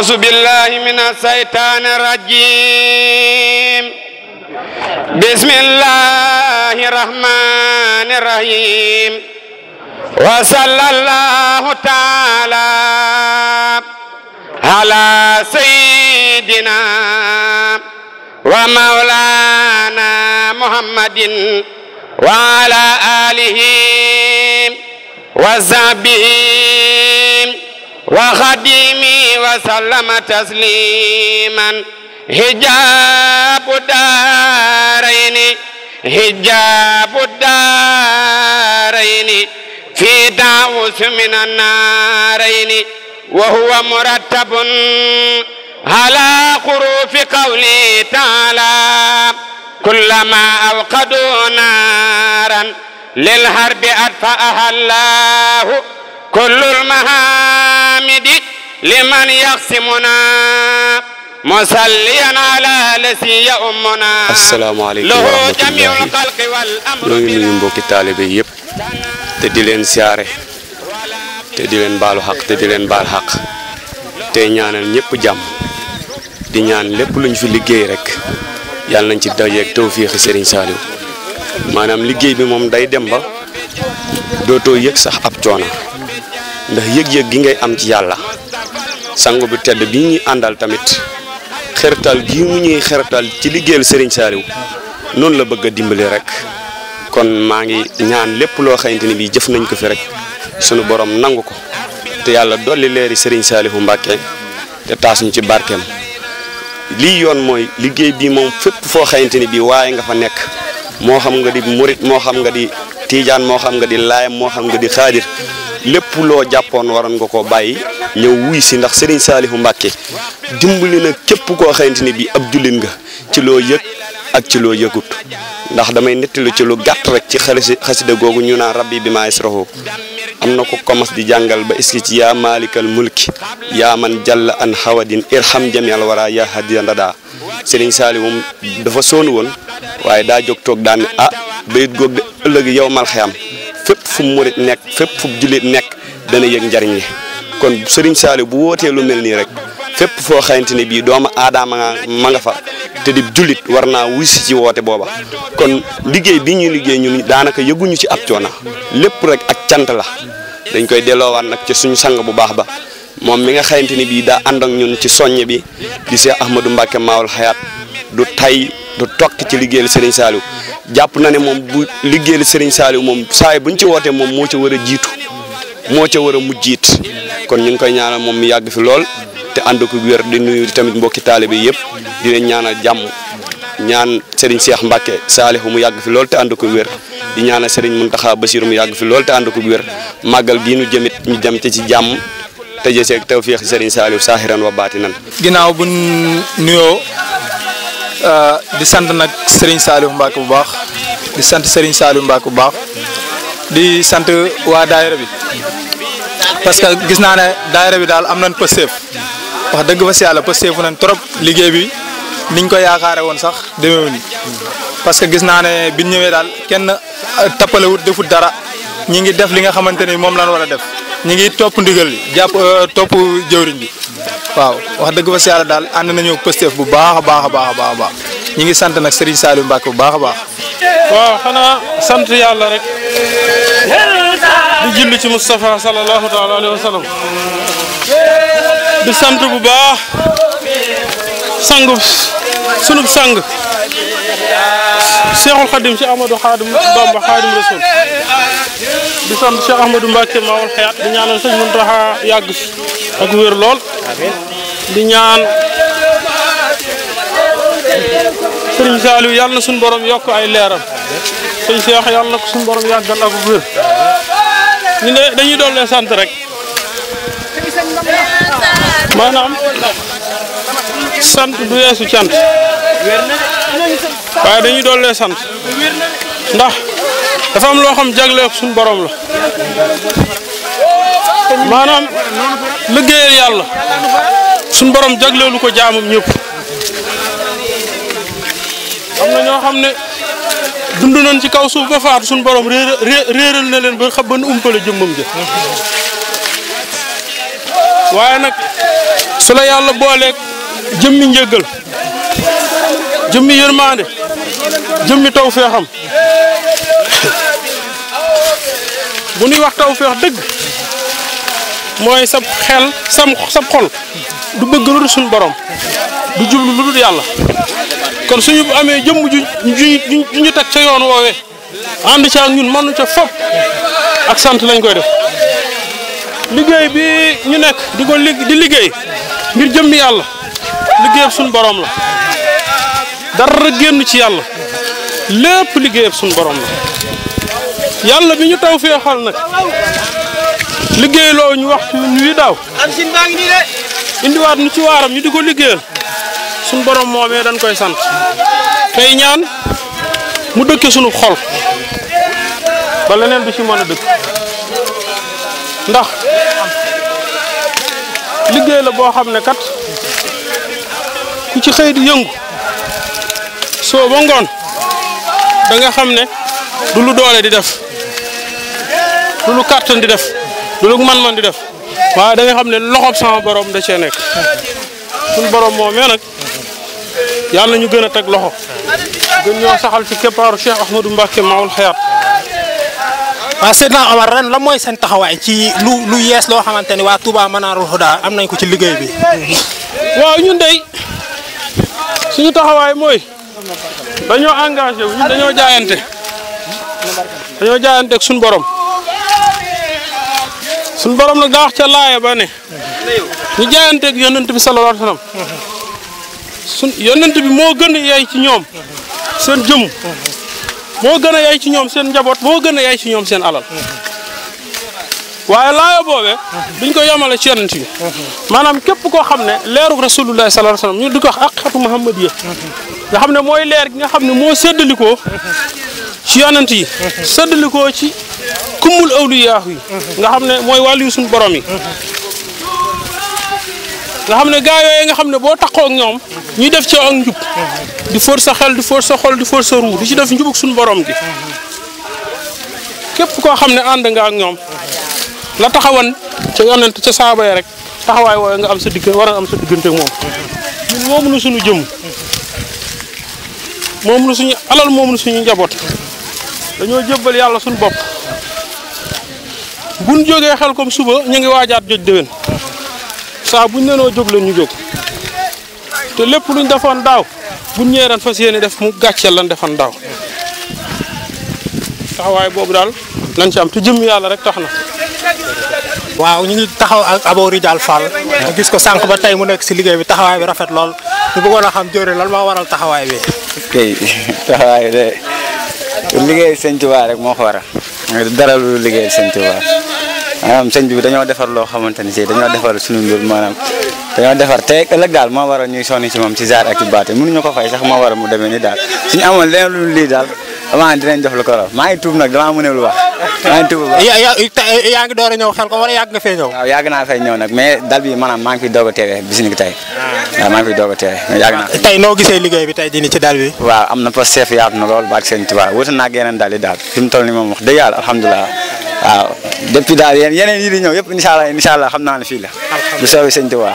أعوذ بالله من الشيطان الرجيم بسم الله الرحمن الرحيم وصلى الله تعالى على سيدنا ومولانا محمد وعلى آله وصحبه وخديمي وسلم تسليما حجاب الدارين حجاب الدارين في دعوس من النارين وهو مرتب على خروف قوله تعالى كلما أوقدوا نارا للحرب أطفأها الله كل المحامد لمن يقسمنا مصليا على لسي يؤمنا السلام عليكم ورحمة الله لو نيو مبوكي طالبي ييب te di leen siyaare te di leen baalu xaq te di leen baal xaq te ñaanal ñëpp jàmm di ñaan lépp lu luñ fi liggéey rek yàlla nañ ci dajeeg tawfiixi Serigne Saliou maanaam liggéey bi moom day dem ba dootoo yëg sax ab coona ndax yëg-yëg gi ngay am ci yàlla sangu bi tedd bi ñuy àndal tamit xertal gi mu ñuy xertal ci liggéeyal Serigne Saliou noonu la bëgg a dimbali rek kon maa ngi ñaan lépp loo xamante ni bii jëf nañ ko fi rek sunu borom nangu ko te yàlla dolli leeri sëriñ Saliou mbàkke te taas ñu ci barkeem lii yoon mooy liggéey bi moom fépp foo xamante ni bii waaye nga fa nekk moo xam nga di murit moo xam nga di tiijaan moo xam nga di laayam moo xam nga di xaadir lépp loo jàppoon waroon nga koo bàyyi ñëw wuy si ndax Serigne Saliou Mbacke dimbali na képp koo xamante ni bii ab jullit nga ci loo yëg ak ci loo yëgut ndax damay nettalu ci lu gàtt rek ci xasida googu ñu naan rabbi bi maa israhu am na ko commence di jàngal ba iski ci yaa maalikal mulki yaa man jàll an hawadin irham jamial wara ya hadiya ndada Serigne Saliou moom dafa sonn woon waaye daa jóg toog daan ah bayit goog de ëllëg yow mal xayam fépp fu mu murit nekk fépp fu mu jullit nekk dana yëg njariñ li kon Serigne Saliou bu wootee lu mel nii rek fépp foo xamante ne bii doomu aadama ma nga fa te di jullit war naa wuy si ci woote booba kon liggéey bi ñuy liggéey ñu daanaka yëguñu ci ab coona lépp rek ak cant la dañ koy delloowaat nag ci suñu sang bu baax ba moom mi nga xamante ni bii daa ànd ak ñun ci soññ bi di Cheikh Ahmadou Mbacke Maawul Hayaat du tay du tokk ci liggéeyal Serigne Saliou jàpp na ne moom bu liggéeyal Serigne Saliou moom saa yi ci wootee moom moo ca war a jiitu moo ca war a mujjiit kon ñu ngi koy ñaanal moom mi yàgg fi lool te ànd ko wér di nuyu tamit mbokki taalibe yëpp ñaanal jàmm ñaan Serigne Cheikh Mbacke Saliou mu yàgg fi lool te ànd ko weer di ñaanal Serigne Mountakha Bassirou mu yàgg fi lool te ànd ko wér màggal gii nu jëmit ñu jëm ci ci jàmm. tëjee seeg tawféex Serigne Saliou saahiran wa baatinan. ginnaaw bu nuyoo euh, di sant nag Serigne Saliou Mbacke bu baax di sant Serigne Saliou Mbacke bu baax di sant waa daayira bi parce que gis naa ne daayira bi daal am nañ pësteef wax dëgg fa si yàlla pësteefu nan trop liggéey bi niñ ko yaakaare woon sax demeewul ni parce que gis naa ne biñ ñëwee daal kenn tappalewut defut dara ñu ngi def li nga xamante ne moom lañ war a def. ñu ngi topp ndigal li jàpp euh, topp jëwriñ bi waaw wax dëgg fa yàlla daal ànd nañoo pësteef bu baax a baax a baax a baax ñu ngi sant nag Serigne saali Mbacke bu baax a baax. waaw xanaa sant yàlla rek di julli ci Moustapha sallallahu taala alayhi wa sallam sant bu baax sangu sunub sang. Cheikhul Khadim Cheikh Ahmadou Khadim Bamba Khadim Rasoul di sant Cheikh Ahmadou Mbacke Maoul Hayaat di ñaanal sëñ Mountakha yàgg ak wér lool di ñaan sëriñ Saliou yàlla na suñu borom yokk ay leeram sëñ Cheikh yàlla na ko suñu borom yàggal ak wér ñu ne dañuy sant rek maanaam sant du yeesu cant waaye dañuy dooleel sant ndax dafa am loo xam jagleeku suñu borom la maanaam liggéeyal yàlla suñ borom jagleelu ko jaamam ñëpp am na ñoo xam ne dund nañ ci kaw suuf ba faatu suñu borom réeral na leen ba xam ba nu umpale jëmmam ja waaye nag su yàlla booleeg jëmmi njëggal jëmmi yërmande jëmmi taw feexam bu ñuy wax taw feex dëgg mooy sab xel sam sab xol du bëgg lu dul suñu borom du jublu lu dul yàlla kon suñu amee jëmm ju ju ju ñu teg ca yoon woowee ànd ca ak ñun mënu ca fop ak sant lañ koy def liggéey bi ñu nekk di ko di liggéey ngir jëmmi yàlla liggéey suñu borom la dara génn ci yàlla lépp liggéeyam suñu borom la yàlla bi ñu taw fee xol nag liggéey loo ñu wax ñuy daaw indiwaat ñu ci waaram ñu di ko liggéeyal suñu borom moomee dañ koy sant tey ñaan mu dëkke suñu xol ba leneen bi ci mën a dëkk ndax liggéey la boo xam ne kat ku ci xëy yëngu so ba ngoon da nga xamne du lu doole di def du lu carton di def du lu man-man di def wa da nga xamne ne sama borom da ci nek sun borom mo me nak yalla ñu gëna a loxo gën ñoo saxal ci keppaaru cheikh ahmadou mbacke maawul xayaat wa Seydina Omar ren la moy sen taxaway ci lu lu yes lo xamanteni wa Touba Manarul Huda am nañ ko ci liggéey bi wa ñun day suñu taxaway moy dañoo engagé dañoo jaayante dañoo jaayante ak borom suñu borom nag daa wax ca laaya ba ne ñu jaayante ak bi sallallahu alayhi wa sallam bi moo gën a yay ci ñoom seen jëmm moo gën a yay ci ñoom seen njaboot moo gën yay ci ñoom seen alal waaye laaya boobee duñ ko yemale ci yonent bi maanaam képp koo xam ne leeru rasulullahi sallallahu alayhi wa sallam ñu di ko wax ak xeetu nga xam ne mooy leer gi nga xam ne moo séddalikoo ci yonant yi séddalikoo ci kummul awliyaahu yi nga xam ne mooy wàllu suñu borom yi nga xam ne gaa yooyu nga xam ne boo taxoo ñoom ñuy def ci ak njub di fóor sa xel di fóor sa xol di fóor sa ruu ci def njubug suñu borom gi képp koo xam ne ànd nga ak ñoom la taxawan ca yonent ca saaba yi rek taxawaay wooye nga am sa digg war am sa diggante moom ñun moo mënu suñu jëm moomunu suñu alal moomunu suñu njaboot dañoo jébbal yàlla suñu bopp buñ jógee xel comme suba ñu ngi waajaat joj déwén saa buñ nenoo jóg la ñu jóg te lépp luñ defoon daaw buñ ñëwee ren fas yéene def mu gàcceel lañ defoon daaw taxawaay boobu daal lañ ci am te jëm yàlla rek tax na waaw ñu ngi taxaw ak Abo Rijal Fall ñu gis ko sànq ba tey mu nekk si liggéey bi taxawaay bi rafet lool ñu bëggoon a xam Dieuwrine lan moo waral taxawaay bi. ok taxawaay de liggéey Sëñ rek moo ko waral. dara lu liggéey Sëñ Tuubaa maanaam sëñ bi dañoo defar loo xamante ni si dañoo defar suñu mbir maanaam dañoo defar te ëllëg daal moo waral ñuy sonni si moom si zaar ak ci baate mënuñu ko fay sax moo waral mu demee ni daal suñu amoon leneen lu lii daal. avant dinañ jox lu ko maa ngi tuub nag damaa mënul wax maa ngi tuub yaa ngi door a xel ko wala yàgg nga fee ñëw waaw yàgg naa fay ñëw nag mais dal bi maanaam maa ngi fiy doog a teewee bis ni ah. maa ngi fiy doog a teewee mais yàgg naa tey noo gisee liggéey bi tey jii nii ci dal bi waaw am na fa chef yaatu na lool baak seen tubaab wuta naa yeneen dal yi daal fi mu tol ni moom wax dëgg yàlla alhamdulilah waaw depuis daal yeneen yi di ñëw yëpp incha allah xam naa fii la bu soobee sëñ Tuubaa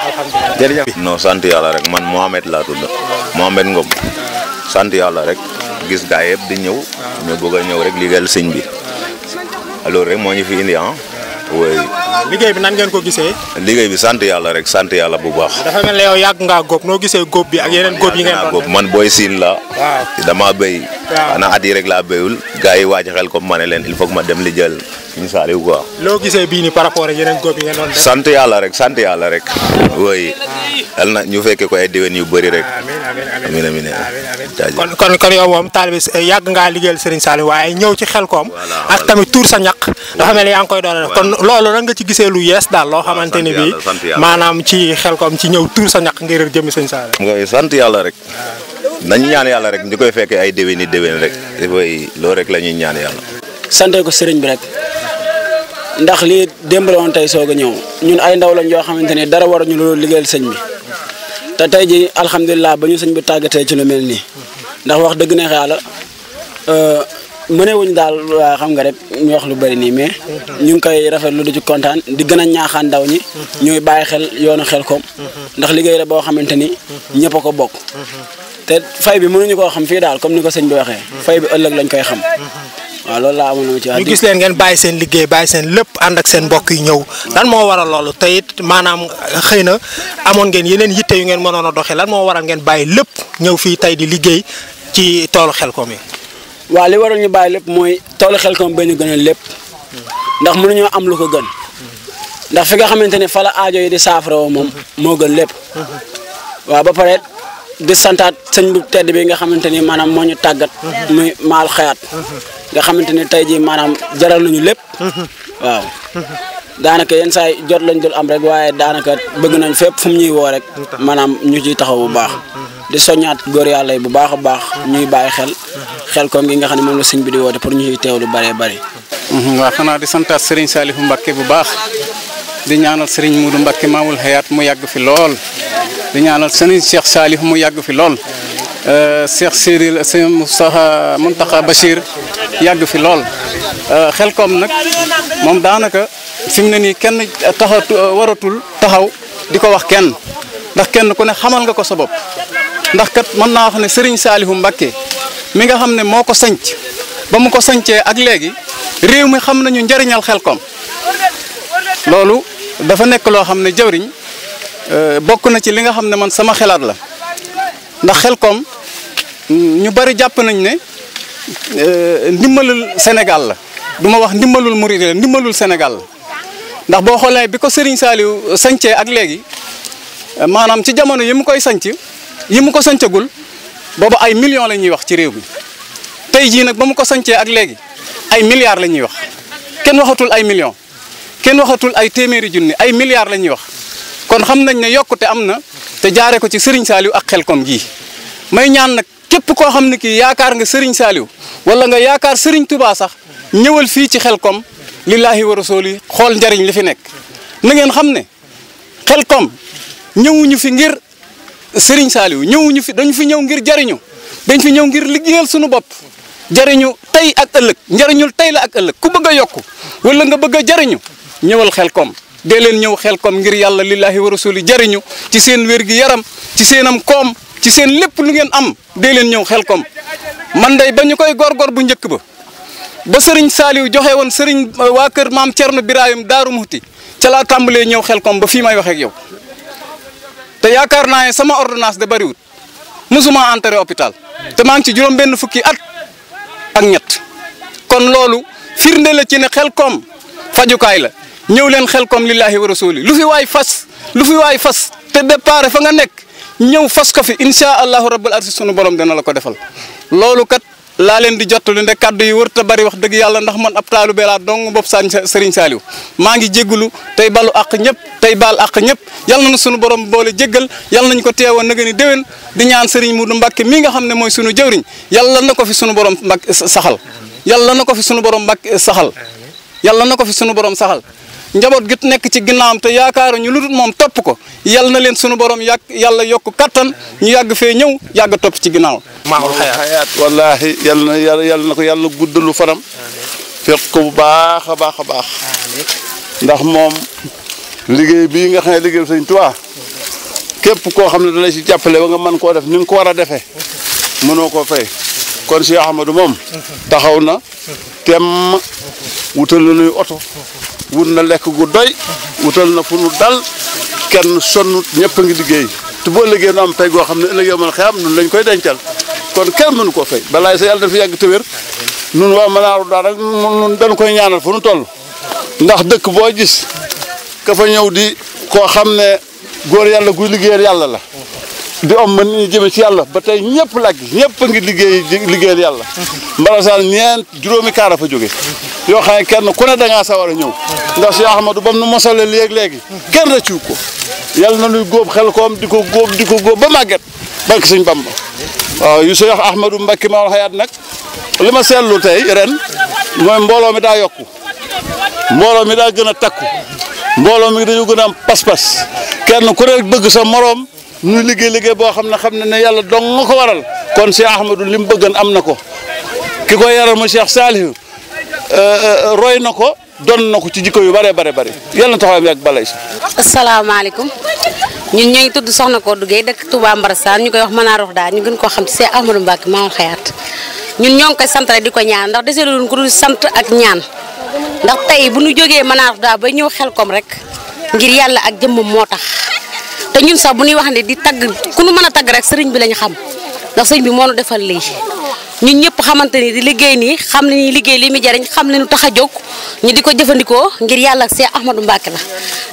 jërëjëf non sant yàlla rek man Mohamed laa tudd Mohamed Ngom rek gis gaa yëpp di ñëw ñu bëgg a ñëw rek liggéeyal sëñ bi alors rek moo ñu fi indi ah. oui. liggéey bi nan ngeen ko gisee. liggéey bi sant yàlla rek sant yàlla bu baax. dafa mel ne yow yàgg ngaa góob noo gisee góob bi ak yeneen góob yi ngeen man booy siin la. waaw damaa béy. waaw at yi rek laa béyul. gaa yi waaj xel comme ma ne leen il faut ma dem li jël. incha allah quoi. loo gisee bii nii par rapport ak yeneen góob yi ngeen doon def. sant yàlla rek sant yàlla rek. woy yal na ñu fekke ko ay déwén yu bëri rek. amiin amiin amiin ya. kon kon kon yow ya, moom taalibe eh, ya, yàgg ngaa liggéeyal Serigne Saliou waaye eh, ñëw ci xel koom. ak tamit tuur sa ñaq. dafa mel ni yaa ngi koy doon def kon loolu lan nga ci gisee lu yees daal loo xamante ni bii ci xel koom ci ñëw tuur sa ñaq ngir jëmi Serigne Saliou. ngay sant yàlla rek. nañ ñaan yàlla rek ñu koy fekkee ay déwén yi déwén rek dafay loolu rek la ñaan yàlla sante ko sëriñ bi rek ndax lii démb la woon tey soog a ñëw ñun ay ndaw lañ yoo xamante ni dara war ñu loolu liggéeyal sëñ bi te tey ji alhamdulilah ba ñu sëñ bi tàggatee ci lu mel nii ndax wax dëgg neex yàlla euh, mënewuñ daal waa xam nga rek ñu wax lu bari nii mais ñu ngi koy rafetlu di ci kontaan di gën a ñaaxaan ndaw ñi ñuy bàyyi xel yoonu xel koom ndax liggéey la boo xamante ni ñëpp ko bokk te fay bi mënuñu koo xam fii daal comme ni ko sëñ bi waxee fay bi ëllëg lañ koy xam waaw loolu laa amoon na ma ci ñu gis leen ngeen bàyyi seen liggéey bàyyi seen lépp ànd ak seen mbokk yi ñëw lan moo waral loolu te it maanaam eh, xëy na amoon ngeen yeneen yitte yu ngeen mënoon a doxee lan moo waral ngeen bàyyi lépp ñëw fii tey di liggéey ci toolu Xelkom yi. waaw li waral ñu bàyyi lépp mooy toolu Xelkom ba ñu gënal lépp ndax mënuñoo am lu ko gën ndax fi nga xamante ne fa la yi di saafara moom moo gën lépp waaw ba pare di santat sëñ bu tedd bi nga xamante ni maanaam tagat ñu tàggat mhm. muy maal xayaat mhm. nga xamante ni tey jii maanaam jaral nañu lépp mhm. waaw daanaka yenn saa jot lañ dul am rek waaye daanaka bëgg nañ fépp fu mu ñuy woo rek maanaam ñu ciy taxaw bu baax di soññaat góor yàlla bu baax a baax ñuy bàyyi xel xel ko ngi nga xam ne la bi di woote pour ñu ciy teew lu bare bëri waaw di santaat Serigne Saliou Mbacké bu baax di ñaanal Serigne Modou Mbacké Mamoul hayat mu yàgg fi lool di ñaanal sëriñ Cheikh Salih mu yàgg fi lool Cheikh Siril sëriñ Moustapha Mountakha Bachir yàgg fi lool xel koom nag moom daanaka fi mu ne nii kenn taxatu waratul taxaw di ko wax kenn ndax kenn ku ne xamal nga ko sa bopp ndax kat mën naa wax ne sëriñ Salihu Mbacké mi nga xam ne moo ko sanc ba mu ko sancee ak léegi réew mi xam nañu njëriñal xel koom loolu dafa nekk loo xam ne jawriñ Euh, bokk na ci li nga xam ne man sama xelaat la ndax koom ñu bari jàpp nañ ne euh, ndimbalul Sénégal la du ma wax ndimbalul murid la ndimbalul Sénégal la ndax boo xoolee bi ko Serigne Saliou sancee ak léegi maanaam ci jamono yi mu koy sanc yi mu ko sancagul boobu ay millions la ñuy wax ci réew mi tey jii nag ba mu ko sancee ak léegi ay milliards la ñuy wax kenn waxatul ay millions kenn waxatul ay téeméeri junni ay milliards la ñuy wax. kon xam nañ ne yokkute am na te jaare ko ci sëriñ Saliou ak xel Xelkom jii may ñaan nag képp koo xam ne kii yaakaar nga sëriñ Saliou wala nga yaakaar sëriñ Touba sax ñëwal fii ci xel Xelkom lillaahi wa rasuuli xool njariñ li fi nekk na ngeen xam ne xel Xelkom ñëwuñu fi ngir sëriñ Saliou ñëwuñu fi dañu fi ñëw ngir jariñu dañ fi ñëw ngir liggéeyal suñu bopp jariñu tey ak ëllëg njariñul tey la ak ëllëg ku bëgg a yokku wala nga bëgg a jariñu ñëwal xel Xelkom dee ñëw xel kom ngir yàlla lillahi wa rasuli jariñu ci seen wér gi yaram ci seenam koom ci seen lépp lu ngeen am dee leen ñëw xel koom man day ba ñu koy góorgóor bu njëkk ba ba sëriñ Saaliw joxe woon sëriñ waa kër maam Cerno Birahim Daaru Muxti ca laa tàmbalee ñëw xel koom ba fii may wax ak yow te yaakaar naa ne sama ordonnance de bariwut mosuma entré hôpital te maa ngi ci juróom benn fukki at ak ñett kon loolu firnde la ci ne xel koom fajukaay la ñëw leen xel kom lillahi wa rasuli lu fi waay fas lu fi waay fas te départ fa nga nekk ñëw fas ko fi incha allahu rabbul arsi sunu borom dina la ko defal loolu kat laa leen di jottali ne kaddu yi war te bari wax dëgg yàlla ndax man ab taalu beelaa dong bopp saan Serigne Saliou maa ngi jéggulu tey balu àq ñëpp tey baal àq ñëpp yal na sunu borom boole jéggal yalla nañ ko teewoon na nga ni di ñaan Serigne Modou Mbacké mii nga xam ne mooy sunu jëwriñ yàlla na ko fi sunu borom Mbacké saxal yàlla na ko fi sunu borom Mbacké saxal yàlla na ko fi sunu borom saxal njaboot gi nekk ci ginnaawam te yaakaar ñu lu dul moom topp ko yal na leen sunu borom yàgg yàlla yokk kattan ñu yàgg fee ñëw yàgg topp ci ginnaaw. maawul xayaat wallaahi yal na yal na ko yàlla guddalu fanam. fekk ko bu baax a baax a baax. ndax moom liggéey bii nga xam ne liggéey Sëñ Tuubaa képp koo xam ne da lay si jàppale ba nga man koo def ni nga ko war a defe mënoo koo fay. kon Cheikh Ahmadou moom taxaw na temm wutal nuy oto na lekk gu doy wutal na fu nu dal kenn sonn ñëpp ngi liggéey te boo liggéey nu am pay goo xam ne ëllëg yoo mën xëy am nun lañ koy dencal kon kenn mënu koo fay balaay sa yàlla na fi yàgg te wér nun waa Manaaru Daar rek nun dañ koy ñaanal fu nu ndax dëkk boo gis ka fa ñëw di koo xam ne góor yàlla guy liggéeyal yàlla la di om man ñu jëme ci yàlla ba tey ñëpp làgg ñëpp a ngi liggéey liggéeyal yàlla mbarasaan ñeent juróomi kaara fa jóge yoo xam ne kenn ku ne da ngaa sawar a ñëw ndax Cheikh Ahmadou bam nu mosale léeg-léegi kenn rëccu ko yàlla na nuy góob xel koom di ko góob di ko góob ba màgget barke Sëñ Bamba waaw yu Cheikh Ahmadou Mbacké Maol Hayaat nag li ma seetlu tey ren mooy mbooloo mi daa yokku mbooloo mi daa gën a takku mbooloo mi dañu gën a am pas-pas kenn ku ne bëgg sa moroom ñu liggé liggé bo xamna xamna né yalla dong nga ko waral kon Cheikh Ahmadou lim mu bëggan am nako kiko yaral mo Cheikh salih euh, euh, euh roy nako don nako ci jikko yu bare bare bare yalla taxaw taxawam balay assalamu alaykum ñun ñoo tudd Soxna ko duggé dëkk Touba Mbarasaan ñu koy wax Manarou daal ñu gën ko xam ci Cheikh Ahmadou mbak ma maa xiyat ñun ñoo ngi koy sant rek di ñaan ndax déssé luñ ko dul sant ak ñaan ndax tay bu ñu joggé jógee Manarou da ba ñew xel kom rek ngir yalla ak jëm moo tax. te ñun sax bu ñuy wax ne di tagg ku nu mën a tagg rek sëriñ bi lañ xam ndax sëriñ bi moo nu defal lii ñun ñëpp xamante ni di liggéey nii xam nañu liggéey lii mi jariñ xam nu tax a jóg ñu di ko jëfandikoo ngir yàlla see Ahmadou Mbacke la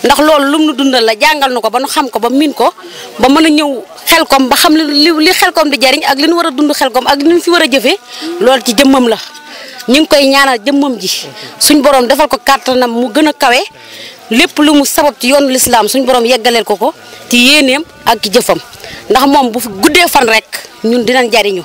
ndax loolu lum nu dundal la jàngal nu ko ba nu xam ko ba min ko ba mën a ñëw xelkom ba xam li li xelkom di jariñ ak li nu war a dund xel koom ak li nu fi war a jëfee loolu ci jëmmam la ñu ngi koy ñaanal jëmmam ji suñ borom defal ko kàttanam mu gën a kawe lépp lu mu sabab ci yoonu lislaam suñ borom yeggaleel ko ko ci yéeneem ak jëfam ndax moom bu guddee fan rek ñun dinañ jariñu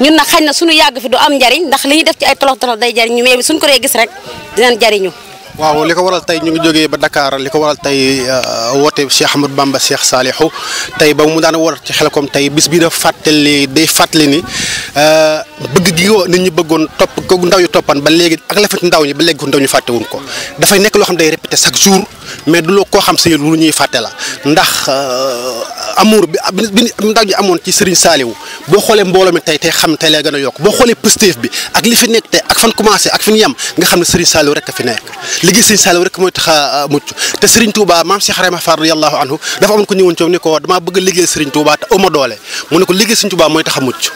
ñun na xañ na suñu yàgg fi du am njariñ ndax li ñuy def ci ay tolox tolox day jariñu mais suñ ko dee gis rek dinañ jariñu waaw li ko waral tey ñu ngi jógee ba Dakar li ko waral tey uh, woote Cheikh Ahmadou Bamba Cheikh Salihu tey ba mu daan war ci koom tey bis bi da fàttali day fàttali ni uh, bëgg gi nit ñi bëggoon topp ko ndaw ñu toppan ba léegi ak la ndaw ñi ba léegi ndaw ñu fàttewuñ ko dafay nekk loo xam day répété chaque jour mais du loo koo xam si lu ñuy fàtte la ndax uh, amour bi bi ndaw ñi amoon ci Serigne Saliou boo xoolee mbooloo mi tey tey xam tey lay gën a yokk boo xoolee positif bi ak li fi nekk tey ak fan commencé ak fi ñu yem nga xam ne Serigne Saliou rek a fi nekk liggéey Serigne Saliou rek mooy tax a mucc te Serigne Touba maam Cheikh Rahma Fall radiyallahu anhu dafa amoon ko ñëwoon coow ni ko damaa bëgg liggéey Serigne Touba te ama doole mu ne ko liggéey Serigne Touba mooy tax a mucc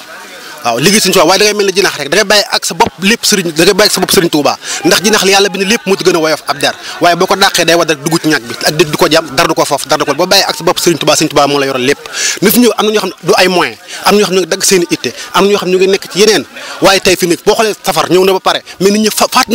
waaw liggéey suñu tubaab waaye da ngay mel ne jinax rek da bàyyi ak sa bopp lépp sëriñ da ndax jinax li yàlla bi ne lépp moo ci gën a woyof ab der waaye boo ko dàqee day wad rek dugg ci bi du ko jam dara du ko foof dara du ko boo bàyyi ak sa bopp sëriñ Touba sëriñ Touba moo la yoral lépp nit ñu am na ñoo xam ne du ay moyen am na ñoo xam ne dagg seen i am na ñoo xam ne ngi nekk ci yeneen waaye tey fi nekk boo xoolee safar ñëw na ba pare mais nit ñi faat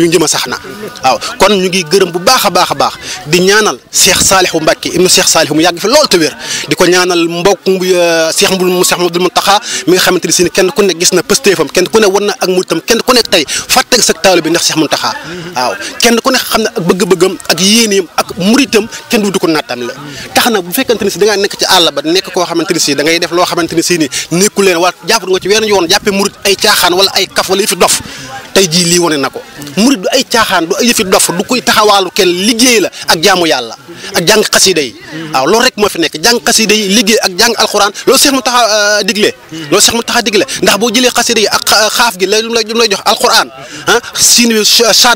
li ñu sax na waaw kon ñu ngi gërëm bu baax a baax a baax di ñaanal Cheikh Saliou Mbacké mu Cheikh Saliou mu yàgg fi lool te wér di ko ñaanal mbokk mu euh, Cheikh Mbul mu Cheikh Mbul Muntaxa mi nga xamante ni si kenn ku ne gis na pëstéefam kenn ku ne war na ak ku ne tey fàtteeg sa taalu bi ndax Cheikh Muntaxa waaw kenn ku ne xam ne ak bëgg-bëggam ak yéeneem ak muritam kenn du ko nattam la tax na bu fekkante ni si da ngaa nekk ci àll ba nekk koo xamante ni si da ngay def loo xamante ni si ni nekku leen waa jàpp nga ci wenn yoon jàppe murit ay caaxaan wala ay kaf wala yi dof tey jii lii wane na ko murit du ay caaxaan du ay yëfi dof du koy taxawaalu kenn liggéey la ak jaamu yàlla ak jàng xasida yi waaw loolu rek moo fi nekk jàng xasida yi liggéey ak jàng alxuraan loolu seex mu taxa euh, digle loolu seex mu a digle ndax boo jëlee xasida yi ak euh, xaaf gi la lu mu lay jox alxuraan ah siin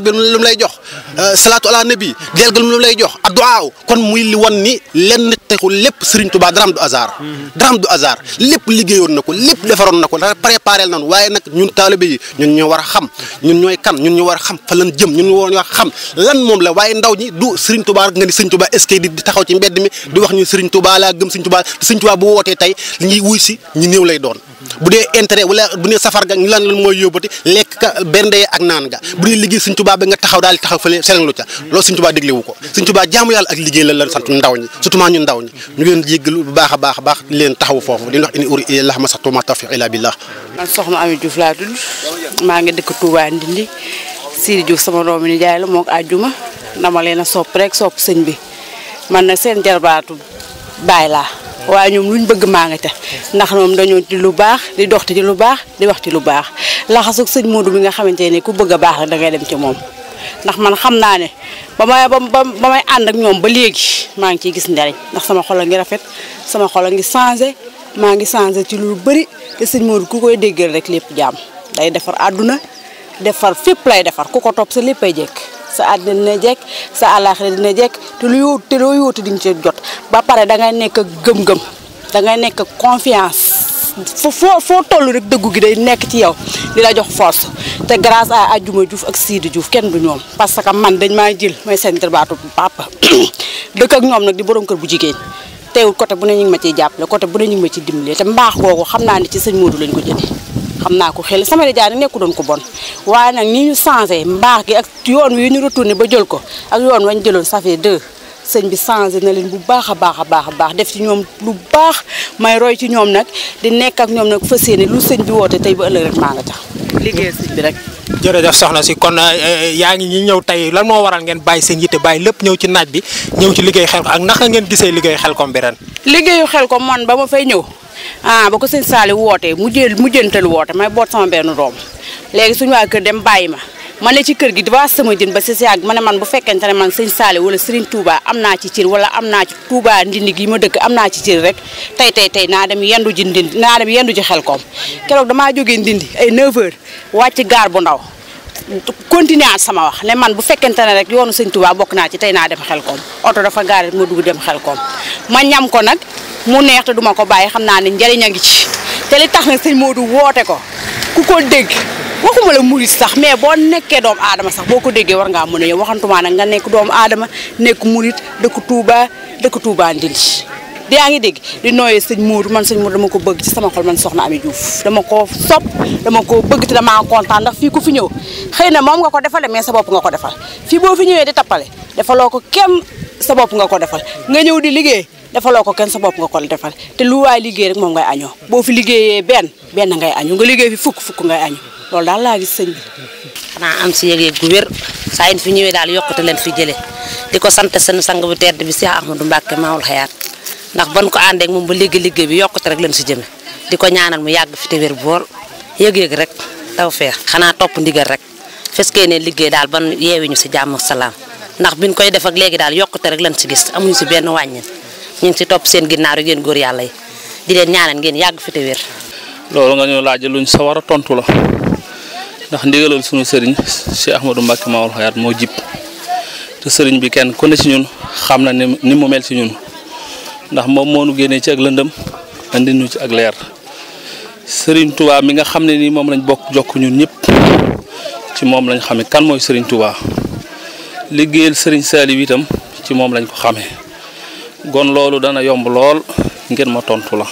bi lu mu lay jox euh, salaatu ala nabi del ga lu mu lay jox adduaaw kon muy li wan ni lenn texul lépp Sëriñ Tuubaa daraam du hasard daraam du hasard lépp liggéeyoon na ko lépp defaroon na ko dafa préparé waaye nag ñun taalibe yi ñun ñoo war a xam ñun ñooy kan ñun ñu war a xam fa lan jëm ñun ñu war a xam lan moom la waaye ndaw ñi du Serigne Touba nga ni Serigne Touba est di taxaw ci mbedd mi di wax ñu Serigne Touba laa gëm Serigne Touba te ga ñu lan lan mooy yóbbati lekk ka ba nga taxaw daal di taxaw fële selenglu ca loolu Serigne Touba déglewu ko Serigne Touba jaamu yàlla ak liggéey la lan sant ndaw ñi surtout ñun ndaw ñi ñu leen jéggalu bu baax a baax a leen taxaw foofu di wax ini uri illallah ma sax tuma tawfiq ila billah Touba Ndindi Sidi Diouf sama romi ni la mok àjjuma dama leen sop rek sop sëñ bi man nag seen jarbaatu baay laa ñoom luñ bëgg ma nga ta ndax moom dañu ci lu baax di doxti ci lu baax di wax ci lu baax laxasug señ Modou bi nga xamantene ku bëgg a baax da ngay dem ci mom ndax man xamna ne ba may ba may ak ñoom ba ma ngi ci gis ndari ndax sama xol nga rafet sama xol nga changer ma ngi changer ci lu bari te señ Modou ku koy rek lepp jam day défar aduna defar fepp lay defar kuko top sa leppay jek sa àddina ne jek sa alakhir dina jek te lu yóotu te loo yóotu di ci jot ba pare da ngay nek gem gem da ngay nek confiance fo fo fo tollu rek deggu gi day nek ci yow dila jox force te grâce à Adjuma djouf ak sidou djouf ken du ñom parce que man dañ ma jël may centre jarbaatu papa dekk ak ñom nak di borom keur bu jigeen teewul côté bu ne ñing ma ci jappalé côté bu ne ñing ma ci dimbalé te mbax googu xamna ni ci seigne Modou lañ ko jëlé xam naa ko xel sama nijaay nag nekku doon ko bon waaye nag ni ñu changé mbaax gi ak yoon wi ñu retourné ba jël ko ak yoon wañ jëloon ça fait deux sëñ bi changé na leen bu baax a baax a baax a baax def ci ñoom lu baax may roy ci ñoom nag di nekk ak ñoom nag fas yéene lu sëñ bi woote tey ba ëllëg rek maa nga tax liggéey sëñ bi rek jërëjëf soxna si kon euh, euh, yaa ngi ñi ñëw tey lan moo waral ngeen bàyyi seen yitte bàyyi lépp ñëw ci naaj bi ñëw ci liggéey xel ko ak naka ngeen gisee liggéeyu xel kom bi ren xel ko man ba ma fay ñëw ah ba ko sëñ Saali wootee mu jël mu woote may boot sama benn doom léegi suñu waa kër dem bàyyi ma man ne ci kër gi dafa sama jën ba si yàgg ma ne man bu fekkente ne man sëñ Saali wala Serigne Touba am naa ci cër wala am naa ci Touba ndindi gi ma dëkk am naa ci cër rek tey tey tey naa dem yendu ji ndindi naa dem yendu ji xel koom keroog damaa jógee ndindi ay 9h wàcc gaar bu ndaw continuer at sama wax ne man bu fekkente ne rek yoonu sëñ Tuubaa bokk naa ci tey naa dem xel koom oto dafa gaare ma dugg dem xel koom ma ñam ko nag mu neex te duma ko bàyyi xam naa ne njëriñ a ngi ci te li tax nag moo du woote ko ku ko dégg waxuma la murit sax mais boo nekkee doom aadama sax boo ko déggee war ngaa mën a yow waxantumaa nag nga nekk doomu aadama nekk murit dëkk Touba dëkk Touba Ndindi di ngi di nooyee seigne Modou man seigne Modou dama ko bëgg ci sama xol man soxna Ami Diouf dama ko sop dama ko bëgg te dama content ndax fi ku fi ñew xeyna mom nga ko defale mais sa bop nga ko defal fi bo fi ñewé di tapalé defaloo ko sa bop nga ko defal nga ñew di liggé defaloo ko sa bop nga ko defal te lu way liggé rek mom ngay añoo bo fi liggéeyee ben ben ngay añu nga liggé fi fukk fukk ngay añu loolu dal la gis seigne bi am ci yegge gu sayen fi ñewé dal fi jëlé di sante sen sang bu tedd bi Cheikh Ahmadou mbacke Maoul hayat ndax ban ko àndeeg mom ba léegi liggéey bi yokut rek lañ si jëme di ñaanal mu yag fi tewer bor yeg yeg rek taw feex xana top ndigal rek feskee ne liggéey ban yeewiñu ci jamm salam ndax biñ koy def ak léegi dal yokut rek lañ si gis amuñu si ben wàññin ñi ci top seen yalla yi di len ñaanal ngeen yag fi tewer lolu nga ñu laaj luñ sa tontu la ndax ndigalul sunu sëriñ cheikh ahmadou mbacke maawul hayat mo jib te sëriñ bi kenn ku ne ci ñun xamna ni mu mel ci ñun ndax mom mo nu gene ci ak lendeum andi nu ci ak leer Serigne Touba mi nga xamne ni mom lañ bok jokk ñun ñep ci mom lañ xamé kan moy Serigne Touba liggéeyal Serigne salih itam ci mom lañ ko xamé gon loolu dana yomb lool ngeen ma tontu la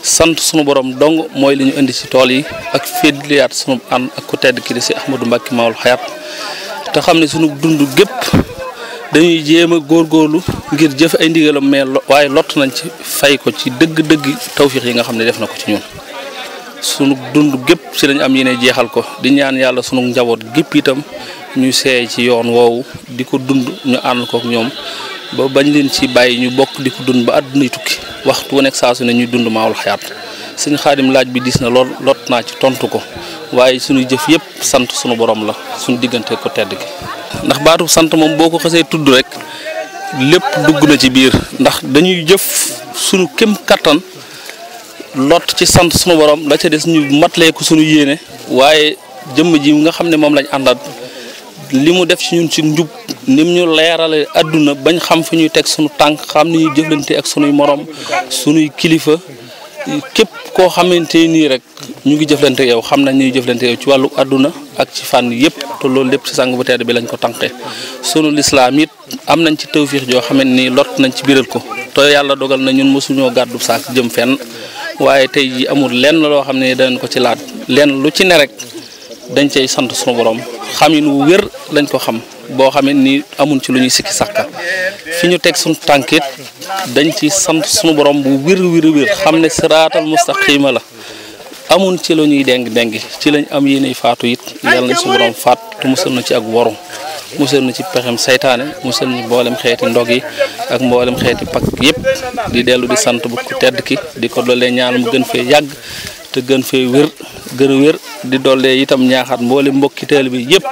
sant suñu borom dong moy liñu ñu indi ci tool yi ak féetliyaat suñu ànd ak ku tedd ki di si Ahmadou Mbacke Maoul Hayat te xamne suñu dundu gep dañuy jéem a góorlu ngir jëf ay ndigalam mais waaye lott nañ ci fay ko ci dëgg-dëgg tawfiix yi nga xam ne def na ko ci ñun sunu dund gépp ci lañ am yéene jeexal ko di ñaan yàlla sunu njaboot gépp itam ñu seey ci yoon woowu di ko dund ñu ànd kook ñoom ba bañ leen ci bàyyi ñu bokk di ko dund ba àddunay tukki waxtu wu nekk saa su ne ñuy dund maawul xayaat sëñ xaadim laaj bi diis na lool lot naa ci tontu ko waaye suñu jëf yëpp sant suñu boroom la suñu diggante ko tedd gi ndax baatu sant moom boo ko xasee tudd rek lépp dugg na ci biir ndax dañuy jëf suñu kem kattan lot ci sant suma borom la ca des ñu matlee ko suñu yéene waaye jëm ji nga xam ne moom lañ àndaat li mu def ci ñun ci njub nim ñu leerale àdduna bañ xam fi ñuy teg suñu tànk xam ni ñuy jëflante ak suñuy moroom suñuy kilifa képp koo xamante nii rek ñu ngi jëflante yow xam nañ ñuy jëflante yow ci wàllu àdduna ak ci fànn yëpp te loolu lépp ci sàng bu tedd bi lañ ko tànqee sunu lislaam it am nañ ci tawfiix joo xamante nii lot nañ ci biral ko te yàlla dogal na ñun mosuñoo gàddu saak jëm fenn waaye tey ji amul lenn loo xam ne danañ ko ci laat lenn lu ci ne rek dañ cay sant sunu borom xamin wu wér lañ ko xam boo xamante nii amuñ ci lu ñuy sikki sàkka fiñu tek sun tankit dañ ci sant sunu borom bu wir wir wir xamne siratal mustaqim la amun ci la ñuy deng deng ci lañ am yene faatu yit yalla na sunu borom faat tu musul na ci ak woru musul na ci pexem saytaane musul ni bolem ak mbolem pak yep di delu di sant bu ku tedd ki di ko dole ñaan mu gën fe yag te gën fe wir gëna wir di dole itam ñaaxat mbolem mbokki tel bi yep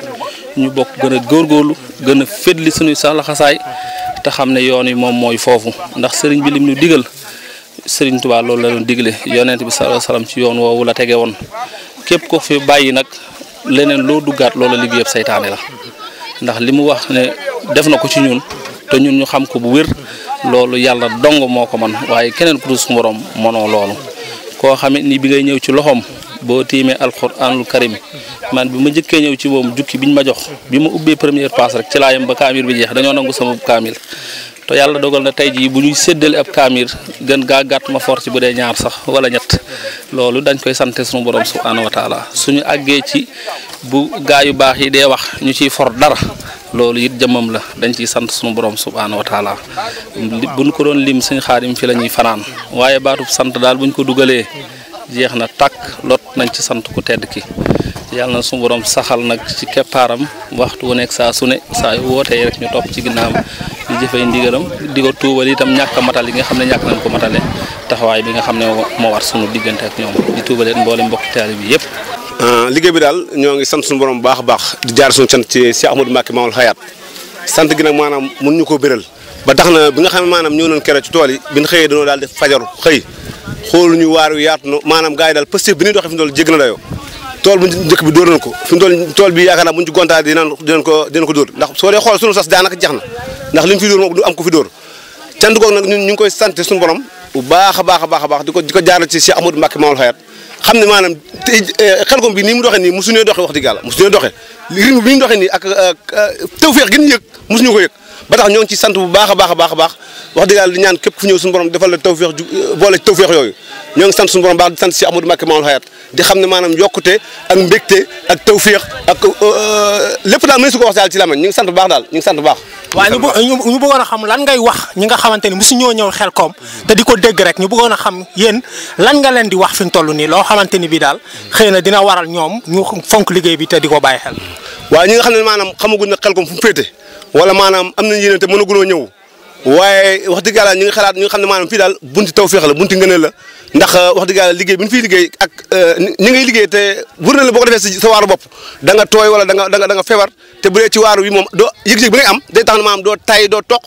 ñu bok gëna a góorgóorlu gën kasai. te xam ne yoon wi moom mooy foofu ndax sëriñ bi lim ñu digal sëriñ Tuubaa loolu la doon digle yonent bi sallallahu alayhi wasallam ci yoon woowu la tege woon képp ko fi bàyyi nag leneen loo duggaat loola liggéeyab seytaane la ndax li mu wax ne def na ko ci ñun te ñun ñu xam ko bu wér loolu yàlla dong moo ko man waaye keneen ku dul su moroom mënoo loolu koo xamit ni bi ngay ñëw ci loxoom boo tiimee alxuraanul karim man bi ma njëkkee ñëw ci moom jukki biñ ma jox bi ma ubbee première passe rek ci laayam ba kaamir bi jeex dañoo nangu sama kaamil te yàlla dogal na tey jii bu ñuy séddale ab kaamir gën gaa gàtt ma for ci bu dee ñaar sax wala ñett loolu dañ koy sante suñu borom subhaanahu wa taala suñu àggee ci bu gaa yu baax yi dee wax ñu ciy for dara loolu it jëmmam la dañ ciy sant suñu borom subhaanahu wa ko doon lim suñ xaarim fi la ñuy fanaan waaye baatub sant daal buñ ko dugalee jeexna tak lot nañ ci sant ku tedd ki sahal na suñu borom saxal nak ci keppaaram waxtu wu nekk sa suné sa saa yu rek ñu top ci ginnaam di jëfee ndigalam di ko tuubal itam ñak matal li nga xam ñak nañ ko matalé taxaway bi nga xam mo war suñu digënté ak ñoom di tuubalé mbolé mbokk talib yépp euh, ligé bi dal ñoo ngi sant sun borom baax baax di jaar suñu sant ci Cheikh Ahmadou Maoul Hayat sant gi nak manam mun ko bëral ba taxna bi nga xam manam maanaam ñëw kéré ci tool yi fajaru xooluñu waar yaatu na maanaam gars daal pësté bi ñuy doxee fi mu toll dayoo tool bu njëkk bi dóor nañ ko fi mu toll tool bi yaakaar naa bu ñu ci gontaat dinañ dinañ ko dinañ ko dóor ndax soo dee xool suñu sas daanaka jeex na ndax li fi dóor moom am ko fi dóor cant googu nag ñu ngi koy sant suñu borom bu baax a baax a baax a baax di ko di ko jaaral ci Cheikh Amadou Mbacke xam ne maanaam euh, xel kom bi nii mu doxee nii mosuñoo doxee wax dëgg yàlla mosuñoo doxee rythme bi ñu doxee nii ak euh, euh, tawfeex gi ñu yëg mosuñu ko yëg ba tax ñoo ngi ci sant bu baax a baax a baax wax dëgg yàlla di ñaan képp ku ñëw suñu borom defal la tawféex euh, boole tawféex yooyu ñoo ngi sant suñu borom baax di sant si Amadou xam ne maanaam yokkute ak mbégte ak tawféex ak euh, lépp daal mënees su ko wax daal ci lamañ ñu ngi sant bu baax daal ñu ngi sant bu baax waaw ñu a xam lan ngay wax ñi nga xamante ni musu ñoo ñëw xel Xelkom te di ko dégg rek ñu bëggoon a xam yéen lan nga leen di wax fi ñu toll nii loo xamante ni bi daal xëy na dina waral ñoom ñu fonk liggéey bi te di ko bàyyi xel waa ñi nga xam ne maanaam xamaguñ na Xelkom fu mu féete wala maanaam am nañ yéene te mënagunoo ñëw waaye wax dëgg yàlla ñu ngi xalaat ñu nga xam ne maanaam fii daal bunti taw tawféex la bunti ngëneel la ndax euh, wax dëgg yàlla liggéey bi ñu fiy liggéey ak euh, ñi ngay liggéey te wër na la boo ko defee sa waaru bopp da nga tooy wala da nga da nga feebar te bu dee ci waaru bi moom doo yëg-yëg bi am day tax na maanaam doo tay doo toq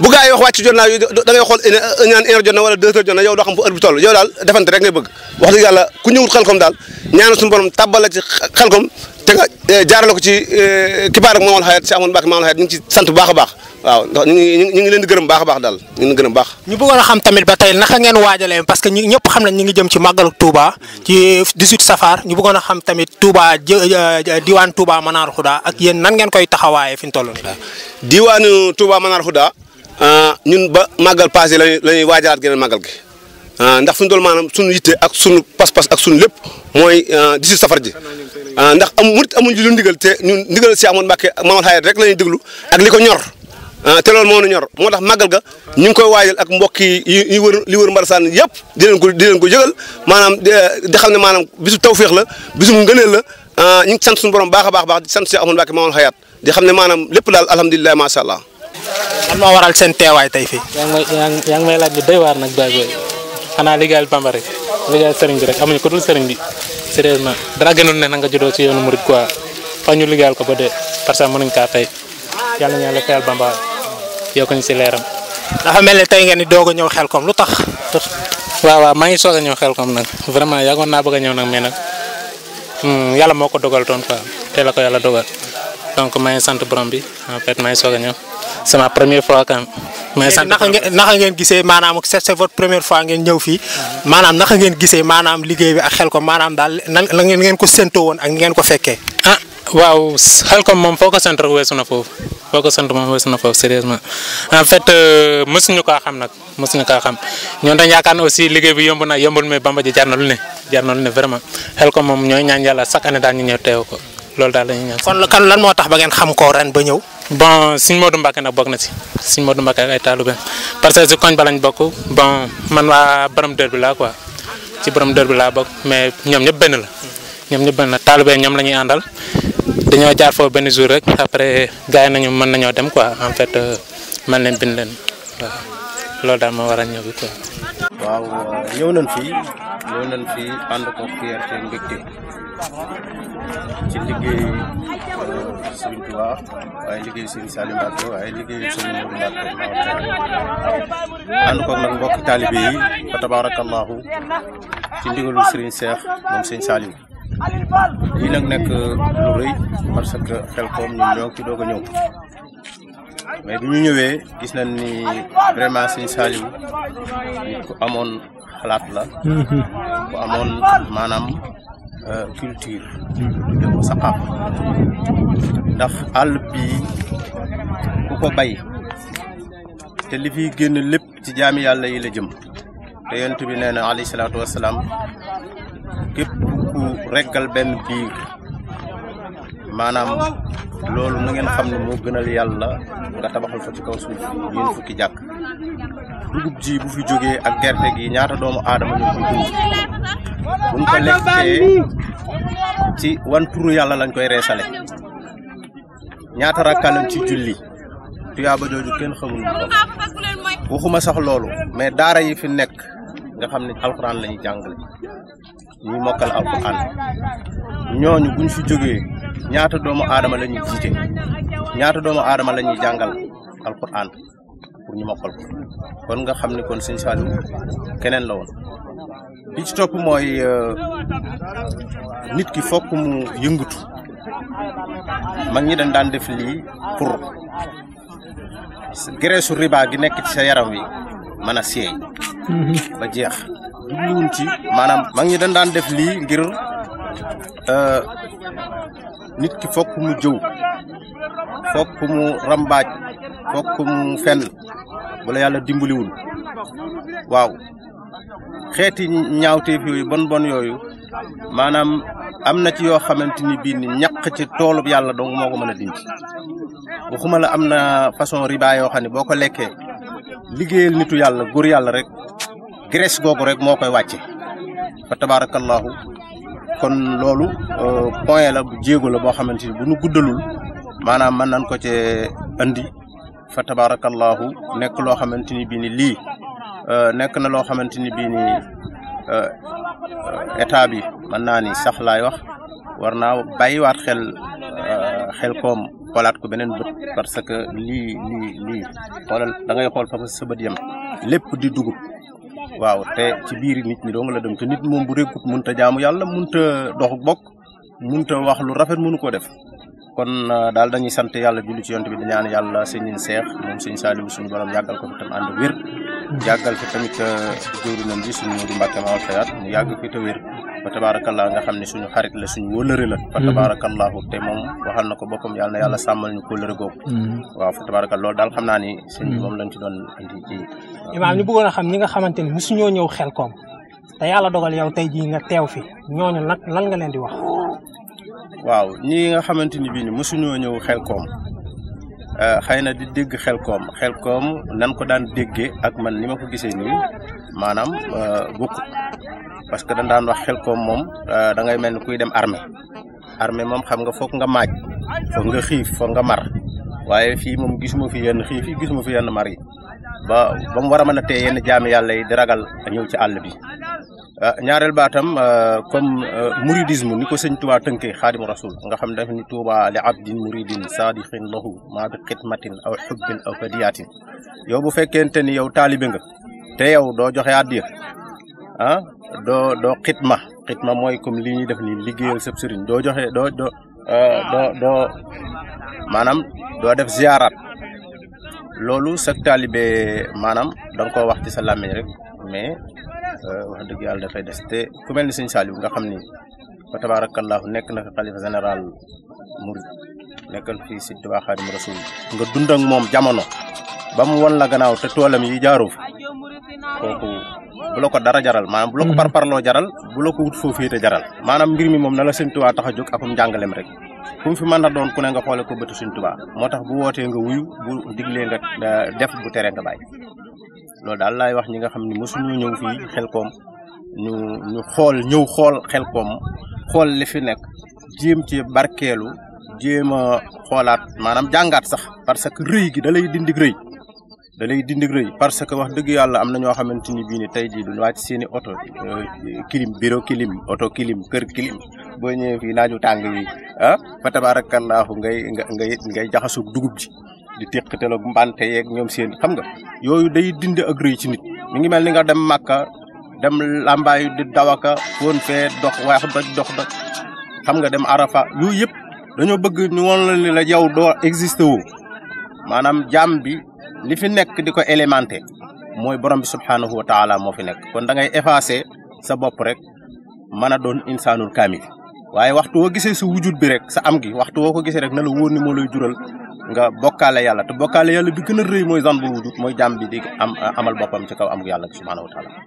bu gars yi wax wàcc jot naa da ngay na wala deux heures jot na yow doo xam fu heure bi yow daal defante rek ngay bëgg wax yàlla ku ñëwul xelkom daal ñaanal suñu borom tàbbal la ci te nga eh, jaarale ko ci eh, kibaar ak Mamadou Hayat si amoon Mbacke Mamadou Hayat ñu sant bu a baax waaw ñu ngi leen di gërëm baax a daal ñu ngi baax ñu bëggoon a xam tamit ba tey naka ngeen waajalee parce que ñu ñëpp xam nañ ñu ngi jëm ci màggalu Touba ci 18 safar ñu bëggoon a xam tamit Touba diwaan Touba Manar Khouda ak yéen nan ngeen koy taxawaaye fi ñu toll diwaanu Touba Manar Khouda Ah, ñun ba màggal passé la la ñuy waajalaat geneen màggal gi ah, ndax fu ñu doon maanaam suñu yitte ak suñu pas-pas ak suñu lépp mooy ah, di si safar ji ndax am murit amuñ lu ndigal te ñun ndigal si amoon Mbàkke ak Mamal rek la ñuy déglu ak ko ñor te loolu moo ñu ñor moo tax màggal ga ñu ngi koy waajal ak mbokk yi yi wër li wër Mbarasaan yëpp di leen ko di ko yëgal maanaam di xam ne maanaam bisu tawféex la bisu ngëneel la ñu ngi sant suñu borom baax a baax baax di sant si amoon di xam ne maanaam lépp daal alhamdulilah macha lan moo waral seen teewaay tey fii. yaa ngi may laaj bi doy waar nag baay xanaa liggéeyal Bamba rek liggéeyal sëriñ bi rek amuñu ko dul sëriñ bi sérieusement dara gënul ne na nga juddoo ci yoonu murid quoi fa ñu liggéeyal ko ba dee parce que mënuñ kaa tey yàlla ñu Bamba yokkuñ si leeram. dafa mel ne tey ngeen di doog a ñëw xel lu tax. waaw waaw ngi soog a ñëw xel kom nag vraiment yàggoon naa bëgg a ñëw nag mais nag hmm, yàlla moo ko dogal toon quoi tey la ko yàlla dogal. donc may sante borom bi ah, en fait may soog a c'est ma première fois quand may eh, sante nak ngeen nak ngeen gisee manam c'est votre première fois ngeen ñew fi manam nak ngeen gisee manam liggéey bi ak xel ko manam dal la ngeen ngeen ko sento won ak ngeen ko fekkee ah waaw xel ko mom foko sante sant rek weesu na foofu foo ko sant moom na foofu sérieusement en fait euh, mësuñu ko xam nag mësuñu ko xam ñoon dañ yaakaar aussi liggéey bi yomb na yombul mais bamba ji jar lu ne jar lu ne vraiment xel ko mom ñoy ñaan yalla sakane année daal ñu ñëw teew ko loolu daal la ñuy ñaan. kon kan lan moo tax ba ngeen xam ko ren ba ñëw. bon Sëñ Modou Mbacke nag bokk na si Sëñ Modou Mbacke ak ay taalibe parce que si koñ ba lañ bokk bon man waa borom dër bi laa quoi ci borom dër bi laa bokk mais ñoom ñëpp benn la. ñoom benn la taalibe ñoom la ñuy àndal dañoo jaar foofu benn jour rek après gars yi nañu mën nañoo dem quoi en fait euh, man leen bind leen loolu daal moo war a ñëw bi waaw ñëw nañ fii ñëw nañ fii ànd ko fierté mbégte ci liggéey Serigne Touba waaye liggéey Serigne Saliou Mbacké waaye liggéey Serigne Modou Mbacké ànd ko nag mbokk ci Serigne Cheikh Serigne lu parce que xel ñoo ci mais bi ñu ñëwee gis nañ ni vraiment sëñ ku amoon xalaat la ku amoon maanaam euh, culture de ndax àll bi ku ko bay te li fiy génn lépp ci jaami yàlla yi la jëm te yonent bi nee na alayhi salaatu wasalaam képp ku reggal benn biir maanaam loolu na ngeen xam ne moo gënal yàlla nga tabaxal fa ci kaw suuf ñeent fukki jàkk dugub ji bu fi jógee ak gerte gi ñaata doomu aadama ñu fi dund buñ ko lekkee ci wan tur yàlla lañ koy reesale ñaata rakkalam ci julli tuyaaba jooju kenn xamul ko waxuma sax loolu mais daara yi fi nekk nga xam ne alxuraan la ñuy jàngale ñuy mokkal alquran ñooñu buñ fi jógee ñaata doomu aadama lañu ñuy ñaata doomu aadama la ñuy jàngal alquran pour ñu mokkal kon nga xam ni kon sëñ Saliou keneen la woon bi ci topp mooy euh, nit ki fok mu yëngatu mag ñi dañ daan def lii pour graisse su riba gi nekk ci sa yaram wi mën a seey mm-hmm. ba jubluwuñ ci maanaam mag ñi dañ daan def lii ngir euh, nit ki fokk mu jëw fokk mu rambaaj fokk mu fen wala yàlla dimbaliwul waaw xeeti ñaawteef yooyu bon bon yooyu maanaam am na ci yoo xamante ni bii ni ñàq ci toolub yàlla dong moo ko mën a dindi waxuma la am na façon riba yoo xam ne boo ko lekkee liggéeyal nitu yàlla góor yàlla rek graisse googu rek moo koy wàcce fa tabaarakallaahu kon loolu euh, point la bu jéego la boo xamante ni bu nu guddalul maanaam mën nañ ko ci andi fa tabaarakallaahu nekk loo xamante ni bii ni lii euh, nekk na loo xamante ni bii ni euh, bi mën naa ni sax laay wax war naa bàyyiwaat xel xel koom xoolaat ko beneen bët parce que lii lii lii xoolal da ngay xool fa sa bët yem lépp di dugub waaw te ci biir nit ñi dong la dem te nit moom bu rékkut mënut a jaamu yàlla mënut a dox bokk mënut a wax lu rafet mënu koo def kon euh, daal dañuy sant yàlla julli ci yont bi di ñaan yàlla sëñ seex moom sëñ Saliou suñu borom yàggal ko fi tam ànd wér yàggal fi tamit euh, jëwriñam bi suñu Modou Mbacke Maol Fayat mu yàgg fi te wér ba tabaarakallaa nga xam ne suñu xarit la suñu wóllëre la fa mm-hmm. tabaarakallaahu te moom waxal na ko boppam yàlla na yàlla sàmmal ñu kóllëre googu mm-hmm. waaw fa tabaarakal loolu daal xam naa ni sëñ bi mm-hmm. moom lañ ci doon indi ci euh, imaam ñu bëggoon a xam ñi nga xamante ni musuñoo ñëw xel koom te yàlla dogal yow tey jii nga teew fi ñooñu nag lan nga leen di wax waaw ñi nga xamante ni bii ni mosuñoo ñëw Xelkom eh, xëy na di dégg Xelkom Xelkom nan ko daan déggee ak man ni ma ko gisee nii maanaam eh, bokkut parce que dañ daan wax Xelkom moom eh, da ngay mel ni kuy dem armée armée moom xam nga foog nga maaj foog nga xiif foog nga mar waaye fii moom gisuma fi yenn xiif yi gisuma fi yenn mari ba ba mu war a mën a tee yenn jaami yàlla yi di ragal ñëw ci àll bi Euh, ñaareel baatam euh, comme euh, mouridisme ni ko sëñ Tuubaa tënkee xaadimu rasul nga xam daf ni Tuubaa li abdin mouridin saadixin lahu maa bi xidmatin aw xubbin aw hadiyatin yow bu fekkente ni yow taalibe nga te yow doo joxe addiya ah doo doo xitma xitma mooy comme li ñuy def ni liggéeyal sëb sëriñ doo joxe doo doo doo doo maanaam doo loolu sa taalibe maanaam da nga wax ci sa làmmiñ rek mais Euh, wax dëgg yàlla dafay des te ku mel ni sëñ Saliou nga xam ni fa tabaarakallaahu nekk na fi xalifa général Mouride nekkal fii si Tuubaa Xaadimu Rasuul nga dund ak moom jamono ba mu wan la gannaaw te toolam yi jaaroo fa kooku bu la ko dara jaral maanaam bu la ko parparloo jaral bu ko wut foo féete jaral maanaam mbir mi moom na la sëñ Tuubaa tax a jóg akum njàngalem rek fu fi mën a doon ku ne nga xoole ko bëtt sëñ Tuubaa moo tax bu wootee nga wuy bu diglee nga def bu tere nga bàyyi lo dal lay wax ñi nga xamni ne ñu ñew fi xel ñu ñu xol ñew xol xel koom li fi nek jëm ci barkelu jéem a manam jangat sax parce que reuy gi dalay lay dindig rëy da lay dindig rëy parce que wax deug yalla amna ño xamanteni bi ni tay ji du wacc seeni auto euh, kilim biro kilim auto kilim ker kilim bo ñew fi naaju tang yi ah fa tabarakallah ngay ngay ngay jaxasu dugub ji di tekkete lo mbante yek ñom seen xam nga yoyu day dind ak reuy ci nit mi ngi mel ni nga dem makka dem lambay di dawaka won fe dox wax ba dox doj xam nga dem arafa yooyu yep. dañu bëgg ñu won la ni la yow do existé wu manam jam bi li fi nek diko ko élémenté mooy borom bi subhanahu wa taala mo fi nek kon da ngay effacer sa bop rek mana don insanul kamil waaye waxtu wo gisee su wujud bi rek sa am gi waxtu wo ko gisee rek na la woni ni lay jural nga bokkaale yàlla te bokkaale yàlla bi gën a rëy mooy zanbul wujud mooy jàmm bi di am amal boppam ci kaw amul yàlla subhanahu wa taala